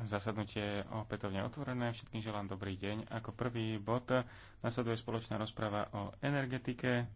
Zasadnutie je opätovne otvorené. Všetkým želám dobrý deň. Ako prvý bod nasleduje spoločná rozpráva o energetike.